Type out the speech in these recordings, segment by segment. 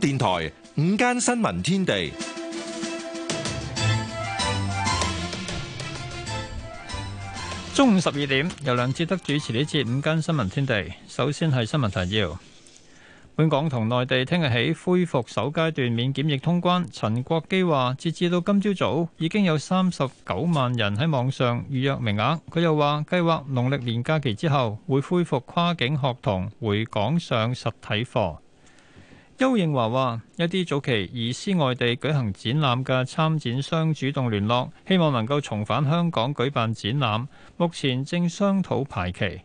電台午間新聞天地，中午十二點由梁志德主持呢次午間新聞天地。首先係新聞提要：本港同內地聽日起恢復首階段免檢疫通關。陳國基話，截至到今朝早已經有三十九萬人喺網上預約名額。佢又話，計劃農曆年假期之後會恢復跨境學童回港上實體課。邱應華話：一啲早期移師外地舉行展覽嘅參展商主動聯絡，希望能夠重返香港舉辦展覽，目前正商討排期。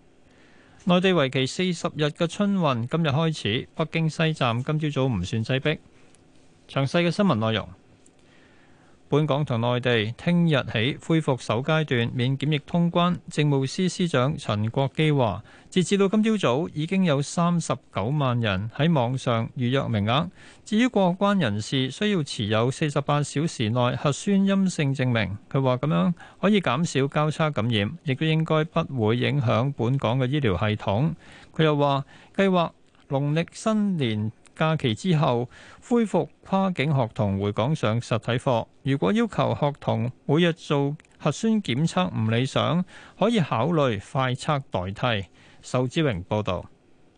內地為期四十日嘅春運今日開始，北京西站今朝早唔算擠逼。詳細嘅新聞內容。本港同內地聽日起恢復首階段免檢疫通關，政務司司長陳國基話，截至到今朝早已經有三十九萬人喺網上預約名額。至於過關人士需要持有四十八小時內核酸陰性證明，佢話咁樣可以減少交叉感染，亦都應該不會影響本港嘅醫療系統。佢又話，計劃農曆新年假期之後恢復跨境學童回港上實體課。如果要求學童每日做核酸檢測唔理想，可以考慮快測代替。仇志榮報導。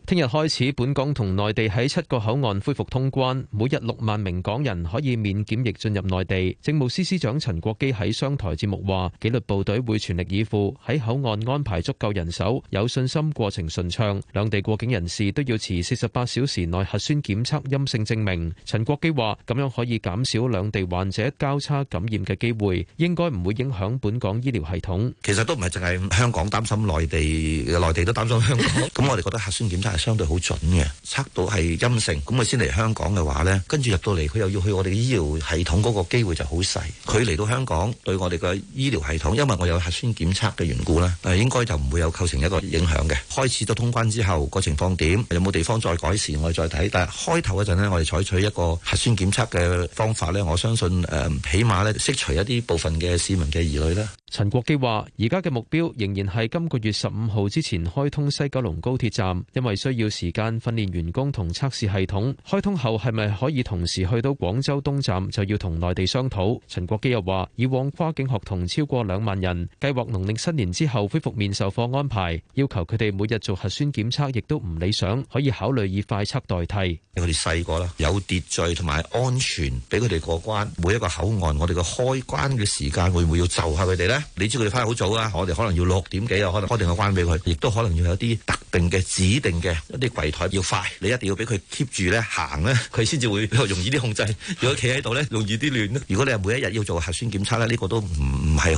聽日開始，本港同內地喺七個口岸恢復通關，每日六萬名港人可以免檢疫進入內地。政務司司長陳國基喺商台節目話：紀律部隊會全力以赴喺口岸安排足夠人手，有信心過程順暢。兩地過境人士都要持四十八小時內核酸檢測陰性證明。陳國基話：咁樣可以減少兩地患者交叉感染嘅機會，應該唔會影響本港醫療系統。其實都唔係淨係香港擔心內地，內地都擔心香港。咁我哋覺得核酸檢測。係相對好準嘅，測到係陰性，咁佢先嚟香港嘅話呢，跟住入到嚟，佢又要去我哋嘅醫療系統嗰個機會就好細。佢嚟到香港對我哋嘅醫療系統，因為我有核酸檢測嘅緣故呢，應該就唔會有構成一個影響嘅。開始咗通關之後，個情況點，有冇地方再改善，我哋再睇。但係開頭嗰陣呢，我哋採取一個核酸檢測嘅方法呢，我相信誒，起碼呢，釋除一啲部分嘅市民嘅疑慮啦。陳國基話：而家嘅目標仍然係今個月十五號之前開通西九龍高鐵站，因為需要時間訓練員工同測試系統。開通後係咪可以同時去到廣州東站，就要同內地商討。陳國基又話：以往跨境學童超過兩萬人，計劃農曆新年之後恢復面授課安排，要求佢哋每日做核酸檢測，亦都唔理想，可以考慮以快測代替。因為我哋細個啦，有秩序同埋安全俾佢哋過關。每一個口岸我哋嘅開關嘅時間會唔會要就下佢哋呢？你知佢哋返好早啊，我哋可能要六點幾啊，可能開定個關俾佢，亦都可能要有啲特定嘅指定嘅一啲櫃台要快，你一定要俾佢 keep 住咧行咧，佢先至會比較容易啲控制。如果企喺度咧， 容易啲亂。如果你係每一日要做核酸檢測咧，呢、呢個都唔唔係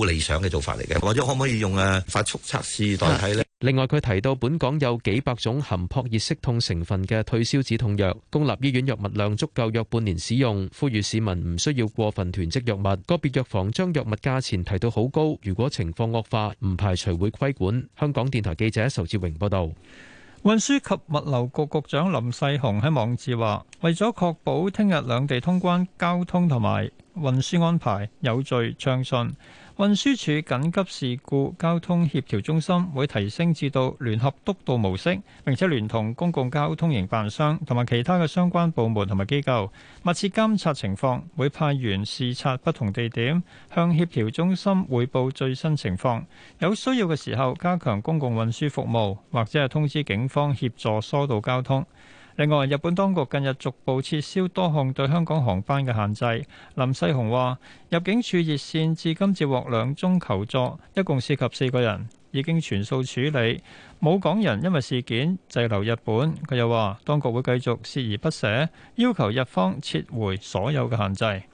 好理想嘅做法嚟嘅。或者可唔可以用誒、啊、快速測試代替呢？ 另外，佢提到本港有幾百種含撲熱息痛成分嘅退燒止痛藥，公立醫院藥物量足夠約半年使用，呼籲市民唔需要過分囤積藥物。個別藥房將藥物價錢提到好高，如果情況惡化，唔排除會規管。香港電台記者仇志榮報道。運輸及物流局局長林世雄喺網誌話：為咗確保聽日兩地通關交通同埋運輸安排有序暢順。運輸署緊急事故交通協調中心會提升至到聯合督導模式，並且聯同公共交通營辦商同埋其他嘅相關部門同埋機構密切監察情況，會派員視察不同地點，向協調中心匯報最新情況。有需要嘅時候，加強公共運輸服務，或者係通知警方協助疏導交通。另外，日本當局近日逐步撤銷多項對香港航班嘅限制。林世雄話入境處熱線至今接獲兩宗求助，一共涉及四個人，已經全數處理。冇港人因為事件滯留日本。佢又話當局會繼續鍥而不捨要求日方撤回所有嘅限制。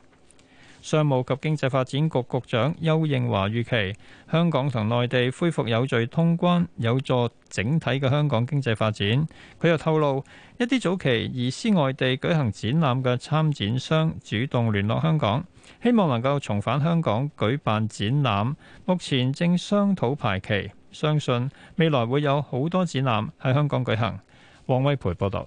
商務及經濟發展局局長邱應華預期，香港同內地恢復有序通關，有助整體嘅香港經濟發展。佢又透露，一啲早期移師外地舉行展覽嘅參展商主動聯絡香港，希望能夠重返香港舉辦展覽。目前正商討排期，相信未來會有好多展覽喺香港舉行。黃威培報導。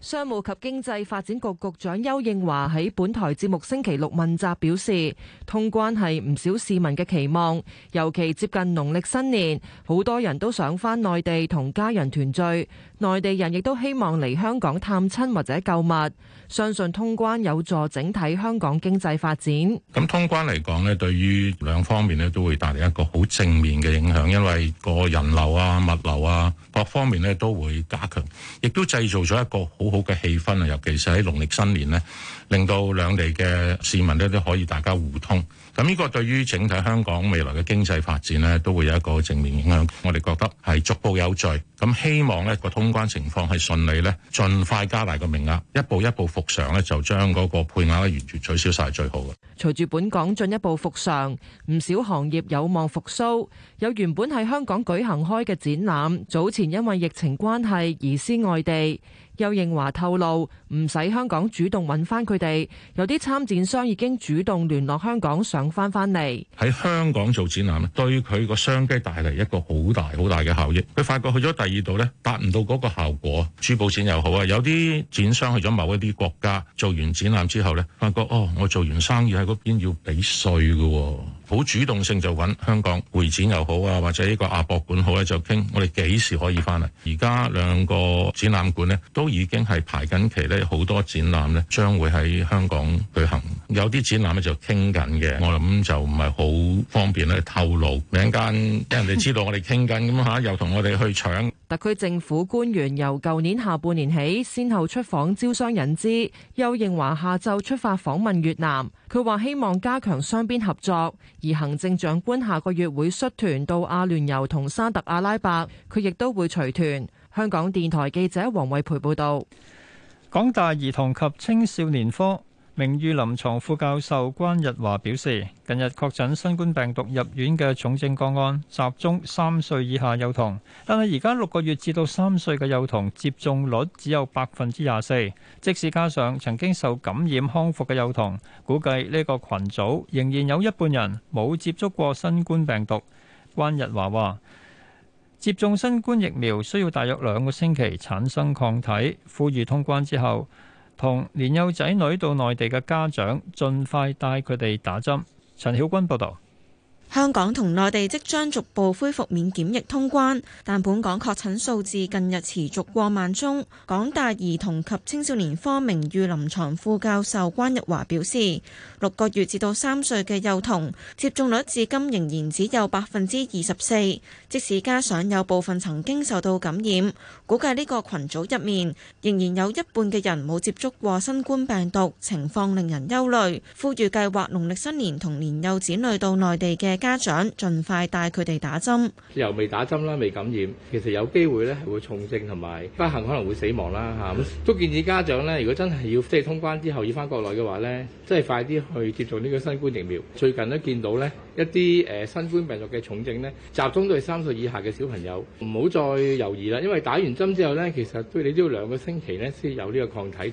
商務及經濟發展局局長邱應華喺本台節目星期六問責表示，通關係唔少市民嘅期望，尤其接近農曆新年，好多人都想返內地同家人團聚，內地人亦都希望嚟香港探親或者購物。相信通關有助整體香港經濟發展。咁通關嚟講咧，對於兩方面咧都會帶嚟一個好正面嘅影響，因為個人流啊、物流啊各方面咧都會加強，亦都製造咗一個好好嘅氣氛啊。尤其是喺農曆新年咧，令到兩地嘅市民咧都可以大家互通。咁、這、呢個對於整體香港未來嘅經濟發展咧，都會有一個正面影響。我哋覺得係逐步有序，咁希望咧個通關情況係順利咧，盡快加大個名額，一步一步。復常咧，就將嗰個配額咧完全取消晒，最好嘅。隨住本港進一步復常，唔少行業有望復甦。有原本喺香港舉行開嘅展覽，早前因為疫情關係移師外地。邱應華透露，唔使香港主動揾翻佢哋，有啲參展商已經主動聯絡香港想，想翻翻嚟。喺香港做展覽咧，對佢個商機帶嚟一個好大好大嘅效益。佢發覺去咗第二度呢達唔到嗰個效果。珠寶展又好啊，有啲展商去咗某一啲國家做完展覽之後呢，發覺哦，我做完生意喺嗰邊要俾稅㗎。好主動性就揾香港會展又好啊，或者呢個亞博館好咧，就傾我哋幾時可以翻嚟。而家兩個展覽館咧，都已經係排緊期咧，好多展覽咧將會喺香港舉行。有啲展覽咧就傾緊嘅，我諗就唔係好方便咧透露，陣間俾人哋知道我哋傾緊咁吓，又同我哋去搶。特區政府官員由舊年下半年起，先後出訪招商引資。邱應華下晝出發訪問越南，佢話希望加強雙邊合作。而行政長官下個月會率團到阿聯酋同沙特阿拉伯，佢亦都會隨團。香港電台記者黃慧培報道。港大兒童及青少年科。名譽臨牀副教授關日華表示，近日確診新冠病毒入院嘅重症個案集中三歲以下幼童，但係而家六個月至到三歲嘅幼童接種率只有百分之廿四，即使加上曾經受感染康復嘅幼童，估計呢個群組仍然有一半人冇接觸過新冠病毒。關日華話，接種新冠疫苗需要大約兩個星期產生抗體，呼籲通關之後。同年幼仔女到內地嘅家長，盡快帶佢哋打針，陳曉君報道。香港同內地即將逐步恢復免檢疫通關，但本港確診數字近日持續過萬宗。港大兒童及青少年科名譽臨床副教授關日華表示，六個月至到三歲嘅幼童接種率至今仍然只有百分之二十四，即使加上有部分曾經受到感染，估計呢個群組入面仍然有一半嘅人冇接觸過新冠病毒，情況令人憂慮。呼籲計劃農曆新年同年幼子女到內地嘅。家長盡快帶佢哋打針，又未打針啦，未感染，其實有機會咧係會重症，同埋不幸可能會死亡啦，吓咁。都建議家長咧，如果真係要即係通關之後要翻國內嘅話咧，即係快啲去接種呢個新冠疫苗。最近都見到咧一啲誒新冠病毒嘅重症咧，集中都係三歲以下嘅小朋友，唔好再猶豫啦。因為打完針之後咧，其實都你都要兩個星期咧先有呢個抗體。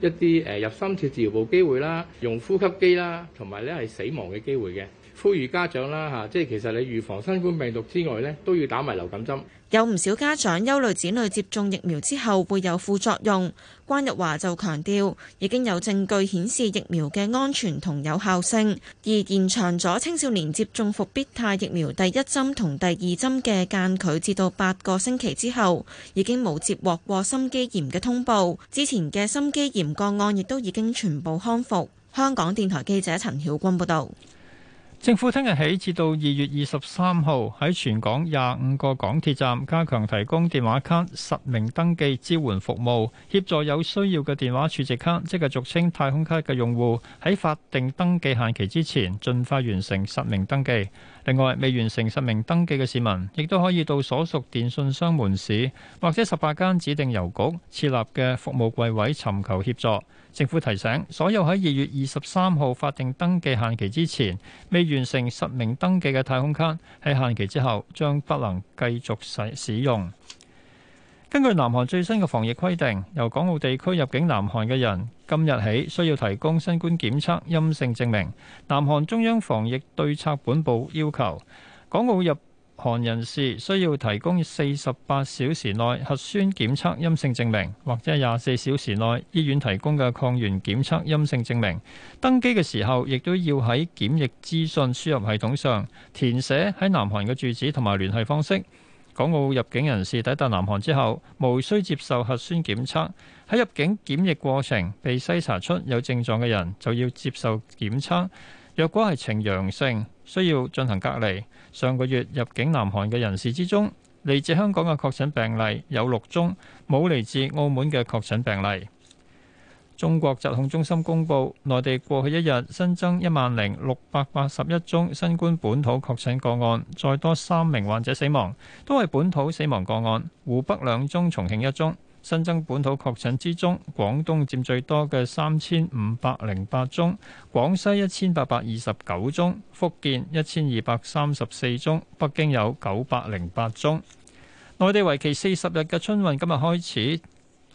一啲誒入深切治療部機會啦，用呼吸機啦，同埋咧係死亡嘅機會嘅。呼籲家長啦嚇，即係其實你預防新冠病毒之外咧，都要打埋流感針。有唔少家長憂慮子女接種疫苗之後會有副作用。關日華就強調，已經有證據顯示疫苗嘅安全同有效性，而延長咗青少年接種復必泰疫苗第一針同第二針嘅間距，至到八個星期之後，已經冇接獲過心肌炎嘅通報。之前嘅心肌炎個案亦都已經全部康復。香港電台記者陳曉君報導。政府聽日起至到二月二十三號，喺全港廿五個港鐵站加強提供電話卡實名登記支援服務，協助有需要嘅電話儲值卡（即係俗稱太空卡）嘅用戶喺法定登記限期之前，盡快完成實名登記。另外，未完成實名登記嘅市民，亦都可以到所屬電信商門市或者十八間指定郵局設立嘅服務櫃位尋求協助。政府提醒，所有喺二月二十三號法定登記限期之前未完成實名登記嘅太空卡，喺限期之後將不能繼續使使用。根據南韓最新嘅防疫規定，由港澳地區入境南韓嘅人，今日起需要提供新冠檢測陰性證明。南韓中央防疫對策本部要求，港澳入韓人士需要提供四十八小時內核酸檢測陰性證明，或者廿四小時內醫院提供嘅抗原檢測陰性證明。登機嘅時候，亦都要喺檢疫資訊輸入系統上填寫喺南韓嘅住址同埋聯繫方式。港澳入境人士抵達南韓之後，無需接受核酸檢測，喺入境檢疫過程被篩查出有症狀嘅人，就要接受檢測，若果係呈陽性，需要進行隔離。上個月入境南韓嘅人士之中，嚟自香港嘅確診病例有六宗，冇嚟自澳門嘅確診病例。中國疾控中心公布，內地過去一日新增一萬零六百八十一宗新冠本土確診個案，再多三名患者死亡，都係本土死亡個案。湖北兩宗，重慶一宗，新增本土確診之中，廣東佔最多嘅三千五百零八宗，廣西一千八百二十九宗，福建一千二百三十四宗，北京有九百零八宗。內地為期四十日嘅春運今日開始，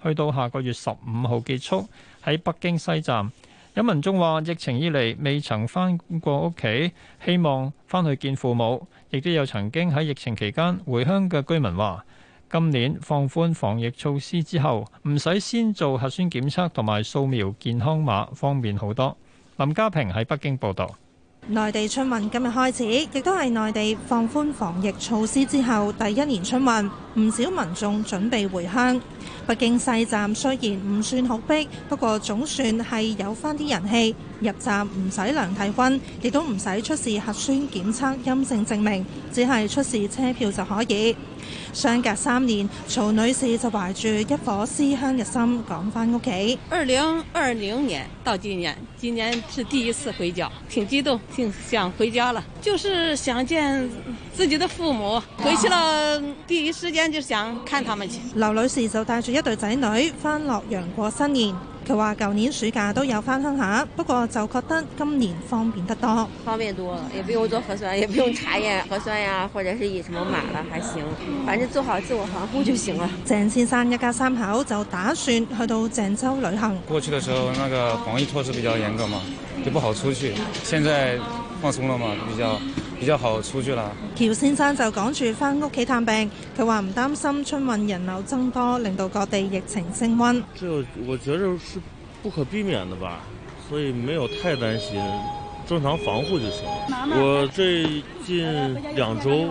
去到下個月十五號結束。喺北京西站，有民眾話疫情以嚟未曾翻過屋企，希望翻去見父母。亦都有曾經喺疫情期間回鄉嘅居民話，今年放寬防疫措施之後，唔使先做核酸檢測同埋掃描健康碼，方便好多。林家平喺北京報導。內地春運今日開始，亦都係內地放寬防疫措施之後第一年春運。唔少民眾準備回鄉，北京西站雖然唔算好逼，不過總算係有翻啲人氣。入站唔使量體溫，亦都唔使出示核酸檢測陰性證明，只係出示車票就可以。相隔三年，曹女士就懷住一顆思鄉嘅心趕返屋企。二零二零年到今年，今年是第一次回家，挺激動，挺想回家了，就是想見自己的父母。回去了，第一時間。就想看他們去。劉女士就帶着一對仔女翻洛陽過新年，佢話舊年暑假都有翻鄉下，不過就覺得今年方便得多。方便多了，也不用做核酸，也不用查驗核酸呀、啊，或者是以什麼碼啦，還行。反正做好自我防護就行了。嗯、鄭先生一家三口就打算去到鄭州旅行。過去的時候，那個防疫措施比較嚴格嘛，就不好出去。現在放鬆了嘛，比較。比較好出去啦。喬先生就趕住翻屋企探病，佢話唔擔心春運人流增多，令到各地疫情升溫。就我覺得是不可避免的吧，所以沒有太擔心，正常防護就行了。我最近兩周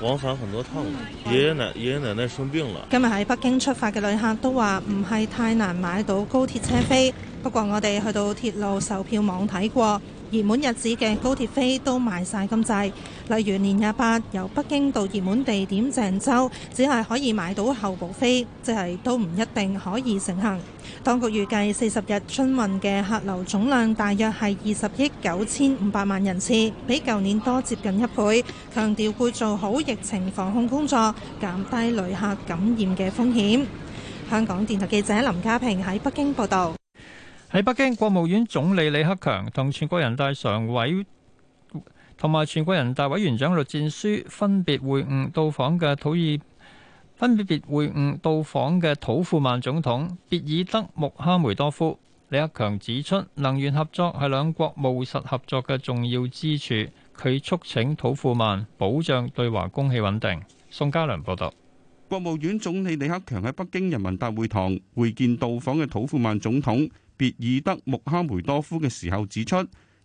往返很多趟，爺爺奶奶，爺爺奶奶生病了。今日喺北京出發嘅旅客都話唔係太難買到高鐵車票，不過我哋去到鐵路售票網睇過。熱門日子嘅高鐵飛都賣晒咁滯，例如年廿八由北京到熱門地點鄭州，只係可以買到候補飛，即係都唔一定可以成行。當局預計四十日春運嘅客流總量大約係二十億九千五百萬人次，比舊年多接近一倍。強調會做好疫情防控工作，減低旅客感染嘅風險。香港電台記者林家平喺北京報道。喺北京，國務院總理李克強同全國人大常委同埋全國人大委員長栗戰書分別會晤到訪嘅土庫分別別會晤到訪嘅土庫曼總統別爾德穆哈梅多夫。李克強指出，能源合作係兩國務實合作嘅重要支柱。佢促請土庫曼保障對華供氣穩定。宋家良報道：「國務院總理李克強喺北京人民大會堂會見到訪嘅土庫曼總統。別爾德穆哈梅多夫嘅時候指出，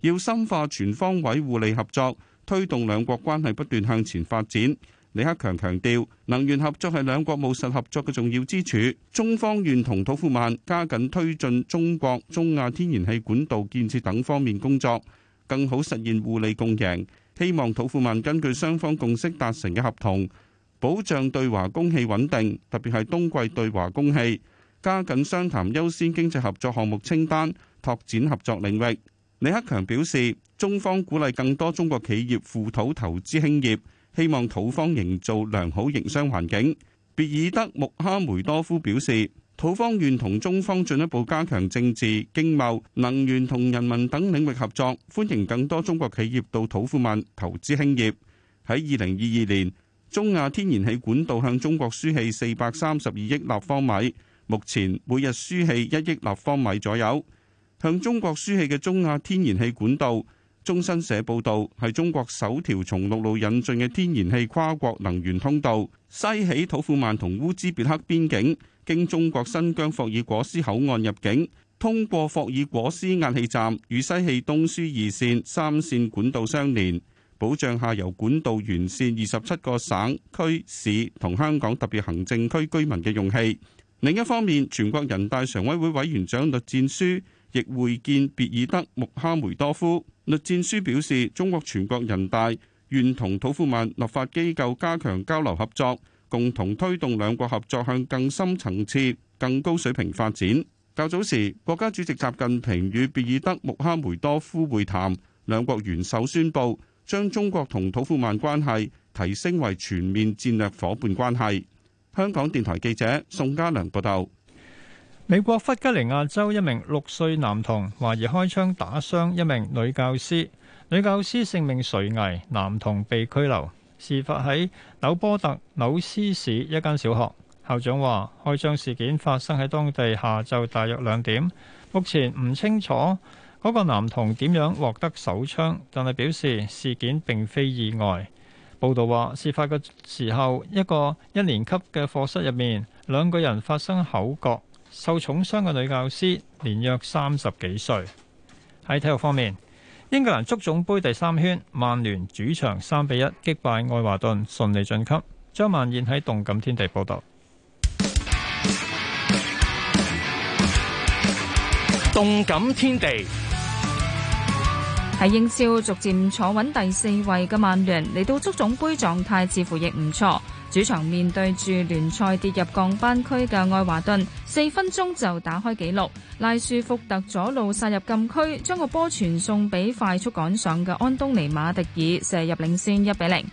要深化全方位互利合作，推動兩國關係不斷向前發展。李克強強調，能源合作係兩國務實合作嘅重要支柱。中方願同土庫曼加緊推進中國中亞天然氣管道建設等方面工作，更好實現互利共贏。希望土庫曼根據雙方共識達成嘅合同，保障對華供氣穩定，特別係冬季對華供氣。加緊商談優先經濟合作項目清單，拓展合作領域。李克強表示，中方鼓勵更多中國企業赴土投資興業，希望土方營造良好營商環境。別爾德穆哈梅多夫表示，土方願同中方進一步加強政治、經貿、能源同人民等領域合作，歡迎更多中國企業到土庫曼投資興業。喺二零二二年，中亞天然氣管道向中國輸氣四百三十二億立方米。目前每日輸氣一億立方米左右，向中國輸氣嘅中亞天然氣管道。中新社報道，係中國首條從陸路引進嘅天然氣跨國能源通道，西起土庫曼同烏茲別克邊境，經中國新疆霍爾果斯口岸入境，通過霍爾果斯壓氣站與西氣東輸二線、三線管道相連，保障下游管道沿線二十七個省區市同香港特別行政區居民嘅用氣。另一方面，全國人大常委會委員長栗戰書亦會見別爾德穆哈梅多夫。栗戰書表示，中國全國人大願同土庫曼立法機構加強交流合作，共同推動兩國合作向更深層次、更高水平發展。較早時，國家主席習近平與別爾德穆哈梅多夫會談，兩國元首宣布將中國同土庫曼關係提升為全面戰略伙伴關係。香港電台記者宋家良報道：美國弗吉尼亞州一名六歲男童懷疑開槍打傷一名女教師，女教師性命垂危，男童被拘留。事發喺紐波特紐斯市一間小學，校長話開槍事件發生喺當地下晝大約兩點，目前唔清楚嗰個男童點樣獲得手槍，但係表示事件並非意外。報道話，事發嘅時候，一個一年級嘅課室入面，兩個人發生口角，受重傷嘅女教師年約三十幾歲。喺體育方面，英格蘭足總盃第三圈，曼聯主場三比一擊敗愛華頓，順利晉級。張曼燕喺動感天地報道。動感天地。喺英超逐漸坐穩第四位嘅曼聯，嚟到足總杯狀態似乎亦唔錯。主場面對住聯賽跌入降班區嘅愛華頓，四分鐘就打開紀錄，賴樹福特左路殺入禁區，將個波傳送俾快速趕上嘅安東尼馬迪爾射入領先一比零。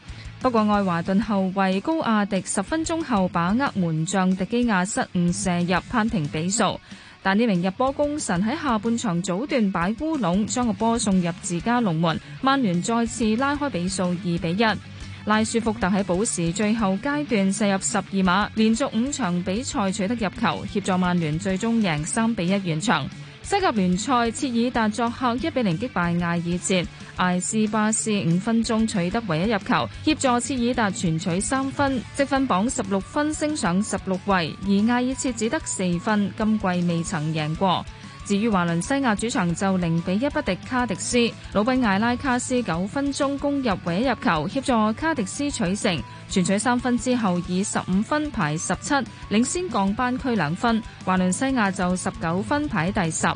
不過愛華頓後衛高亞迪十分鐘後把握門將迪基亞失誤射入，扳平比數。但呢名入波功臣喺下半場早段擺烏龍，將個波送入自家龍門，曼聯再次拉開比數二比一。拉舒福特喺補時最後階段射入十二碼，連續五場比賽取得入球，協助曼聯最終贏三比一完場。西甲聯賽，切爾達作客一比零擊敗艾爾切，艾斯巴斯五分鐘取得唯一入球，協助切爾達全取三分，積分榜十六分升上十六位，而艾爾切只得四分，今季未曾贏過。至於華倫西亞主場就零比一不敵卡迪斯，魯賓艾拉卡斯九分鐘攻入唯一入球，協助卡迪斯取勝，全取三分之後以十五分排十七，領先降班區兩分。華倫西亞就十九分排第十。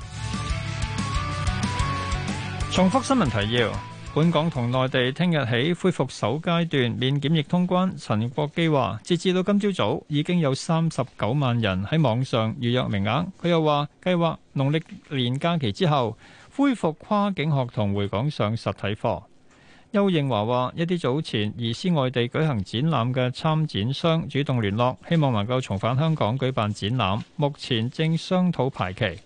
重複新聞提要。本港同內地聽日起恢復首階段免檢疫通關。陳國基話：截至到今朝早，已經有三十九萬人喺網上預約名額。佢又話：計劃農曆年假期之後，恢復跨境學童回港上實體課。邱應華話：一啲早前移師外地舉行展覽嘅參展商主動聯絡，希望能夠重返香港舉辦展覽，目前正商討排期。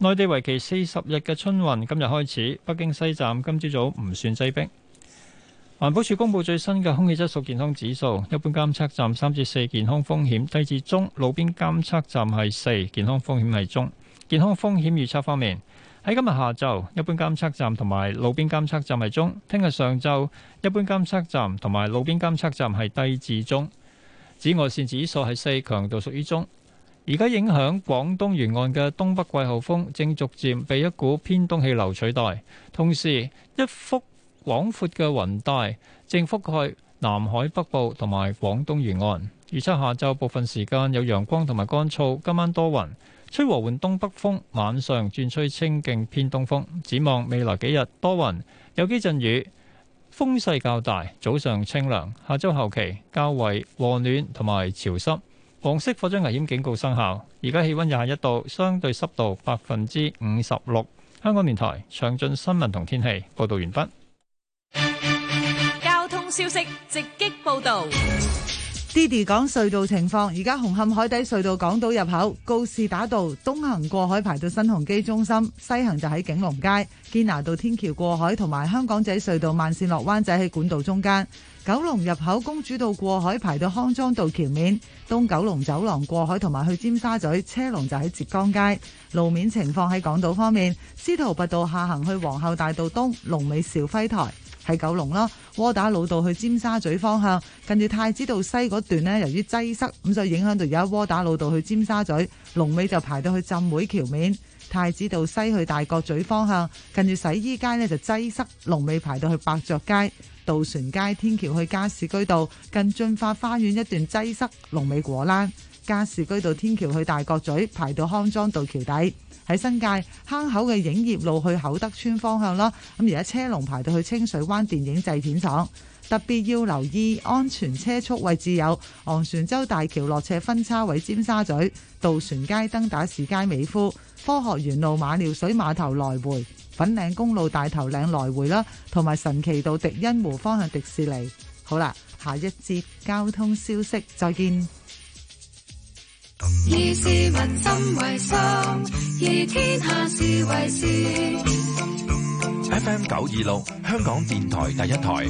內地為期四十日嘅春運今日開始，北京西站今朝早唔算擠逼。環保署公布最新嘅空氣質素健康指數，一般監測站三至四健康風險，低至中；路邊監測站係四健康風險係中。健康風險預測方面，喺今日下晝，一般監測站同埋路邊監測站係中；聽日上晝，一般監測站同埋路邊監測站係低至中。紫外線指數係四，強度屬於中。而家影響廣東沿岸嘅東北季候風正逐漸被一股偏東氣流取代，同時一幅廣闊嘅雲帶正覆蓋南海北部同埋廣東沿岸。預測下晝部分時間有陽光同埋乾燥，今晚多雲，吹和緩東北風，晚上轉吹清勁偏東風。展望未來幾日多雲，有幾陣雨，風勢較大，早上清涼，下週後期較為和暖同埋潮濕。黃色火災危險警告生效，而家氣溫廿一度，相對濕度百分之五十六。香港電台詳盡新聞同天氣報道完畢。交通消息直擊報道 d i d 講隧道情況。而家紅磡海底隧道港島入口告士打道東行過海排到新鴻基中心，西行就喺景隆街堅拿道天橋過海，同埋香港仔隧道慢綫落灣仔喺管道中間。九龍入口公主道過海排到康莊道橋面，東九龍走廊過海同埋去尖沙咀車龍就喺浙江街路面情況，喺港島方面，司徒拔道下行去皇后大道東龍尾肇輝臺，喺九龍咯，窩打老道去尖沙咀方向近住太子道西嗰段呢，由於擠塞咁就影響到而家窩打老道去尖沙咀龍尾就排到去浸會橋面。太子道西去大角咀方向，近住洗衣街呢就擠塞，龍尾排到去百爵街、渡船街天橋去加士居道，近駿發花園一段擠塞龍尾果欄。加士居道天橋去大角咀排到康莊道橋底。喺新界坑口嘅影業路去厚德村方向咯，咁而家車龍排到去清水灣電影製片廠。特別要留意安全車速位置，有昂船洲大橋落斜分叉位、尖沙咀渡船街燈打士街、美孚科學園路馬料水碼頭來回、粉嶺公路大頭嶺來回啦，同埋神奇道迪欣湖方向迪士尼。好啦，下一節交通消息，再見。以市民心為心，以天下事為事。F M 九二六。香港電台第一台。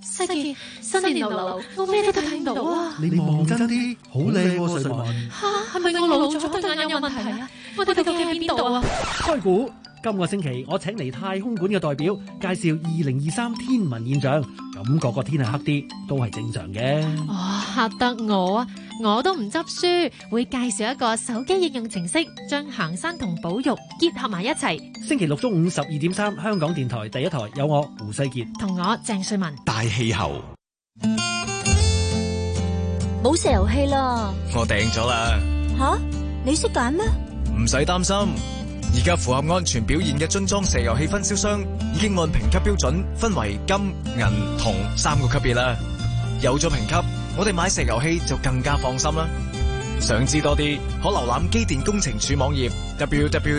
新年，新年流流，我咩都睇唔到看啊！你望真啲，好靚啊！吓，係咪我老咗對眼有問題啊？我哋究竟係邊度啊？到底到底啊開股。今個星期我請嚟太空館嘅代表介紹二零二三天文現象，感覺個天係黑啲都係正常嘅。吓得我啊，我都唔執輸，會介紹一個手機應用程式，將行山同保育結合埋一齊。星期六中午十二點三，香港電台第一台有我胡世杰同我鄭瑞文大氣候。冇石油氣啦，我訂咗啦。吓，你識揀咩？唔使擔心。而家符合安全表現嘅樽裝石油氣分銷商，已經按評級標準分為金、銀、銅三個級別啦。有咗評級，我哋買石油氣就更加放心啦。想知多啲，可瀏覽機電工程署網頁 www.emsd.gov.hk。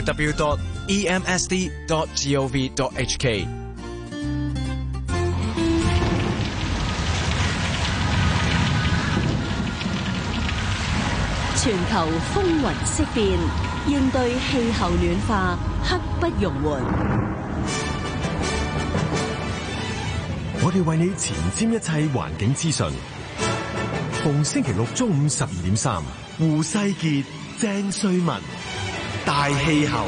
全球風雲色變。應對氣候暖化，刻不容緩。我哋為你前瞻一切環境資訊，逢星期六中午十二點三，胡世傑、鄭瑞文，大氣候。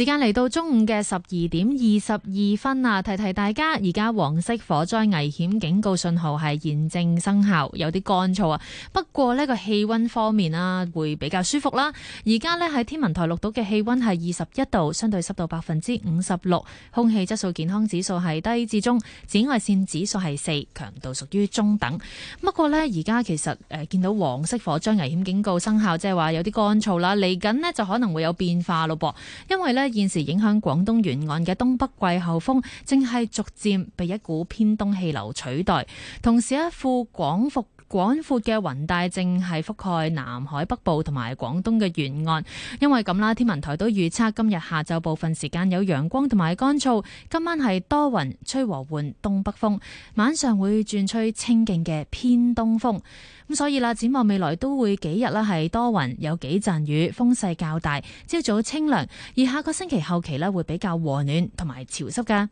時間嚟到中午嘅十二點二十二分啊！提提大家，而家黃色火災危險警告信號係現正生效，有啲乾燥啊。不過呢個氣溫方面啊，會比較舒服啦。而家呢，喺天文台錄到嘅氣溫係二十一度，相對濕度百分之五十六，空氣質素健康指數係低至中，紫外線指數係四，強度屬於中等。不過呢，而家其實誒見到黃色火災危險警告生效，即係話有啲乾燥啦。嚟緊呢，就可能會有變化咯噃，因為呢。現時影響廣東沿岸嘅東北季候風，正係逐漸被一股偏東氣流取代，同時一副廣闊。廣闊嘅雲帶正係覆蓋南海北部同埋廣東嘅沿岸，因為咁啦，天文台都預測今日下晝部分時間有陽光同埋乾燥，今晚係多雲，吹和緩東北風，晚上會轉吹清勁嘅偏東風，咁所以啦，展望未來都會幾日啦，係多雲，有幾陣雨，風勢較大，朝早清涼，而下個星期後期咧會比較和暖同埋潮濕噶。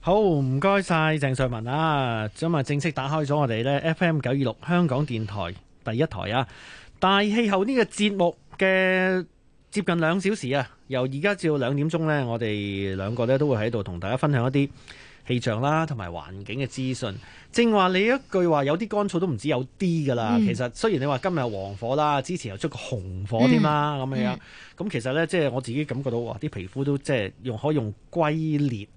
好，唔該晒鄭瑞文啊！今日正式打開咗我哋咧 FM 九二六香港電台第一台啊，大氣候呢個節目嘅接近兩小時啊，由而家至到兩點鐘呢，我哋兩個咧都會喺度同大家分享一啲。氣象啦，同埋環境嘅資訊，正話你一句話，有啲乾燥都唔止有啲噶啦。嗯、其實雖然你話今日黃火啦，之前又出過紅火添啦，咁樣樣、嗯。咁、啊嗯、其實咧，即、就、係、是、我自己感覺到，哇！啲皮膚都即係用可以用龜裂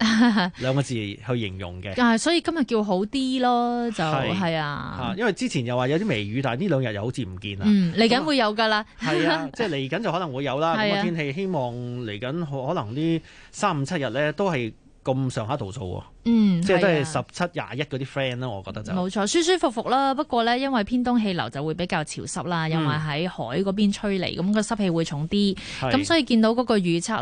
兩個字去形容嘅。但係 、啊、所以今日叫好啲咯，就係是啊，啊。因為之前又話有啲微雨，但係呢兩日又好似唔見、嗯、啦。嚟緊會有噶啦。係啊，即係嚟緊就可能會有啦。咁嘅、 啊、天氣，希望嚟緊可能啲三五七日咧都係。咁上下度數，嗯，即係都係十七廿一啲 friend 啦，我覺得就冇錯，舒舒服服啦。不過咧，因為偏東氣流就會比較潮濕啦，因為喺海邊吹嚟，咁、嗯、個濕氣會重啲，咁是的 所以見到個預測。